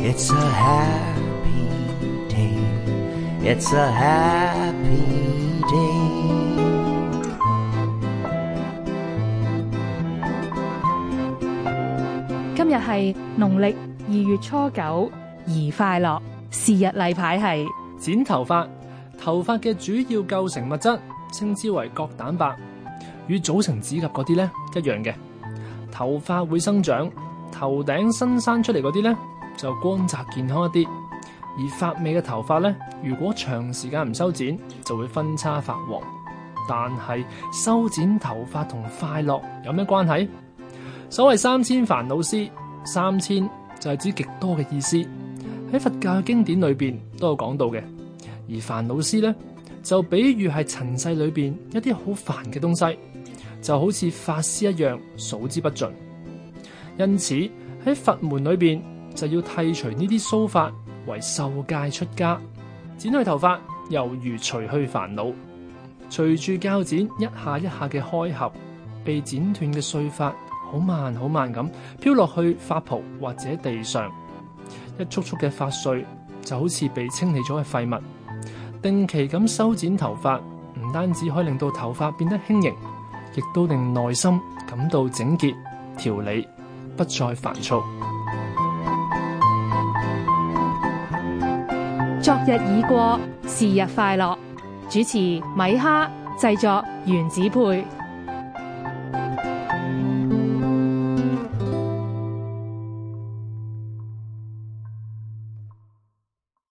It's a happy day. It's a happy day. 今日係農曆二月初九，宜快樂。是日例牌係剪頭髮。頭髮嘅主要構成物質稱之為角蛋白，與組成指甲嗰啲咧一樣嘅。頭髮會生長。頭頂新生出嚟嗰啲呢，就光澤健康一啲；而髮尾嘅頭髮呢，如果長時間唔修剪，就會分叉發黃。但係修剪頭髮同快樂有咩關係？所謂三千煩惱絲，三千就係指極多嘅意思，喺佛教嘅經典裏邊都有講到嘅。而煩惱絲呢，就比喻係塵世裏邊一啲好煩嘅東西，就好似髮絲一樣，數之不盡。因此喺佛門裏邊就要剃除呢啲鬚髮，為受戒出家剪頭髮去頭髮，猶如除去煩惱。隨住鉸剪一下一下嘅開合，被剪斷嘅碎發好慢好慢咁飄落去發袍或者地上，一束束嘅發碎就好似被清理咗嘅廢物。定期咁修剪頭髮，唔單止可以令到頭髮變得輕盈，亦都令內心感到整潔調理。不再煩躁。昨日已過，是日快樂。主持米哈，製作原子配。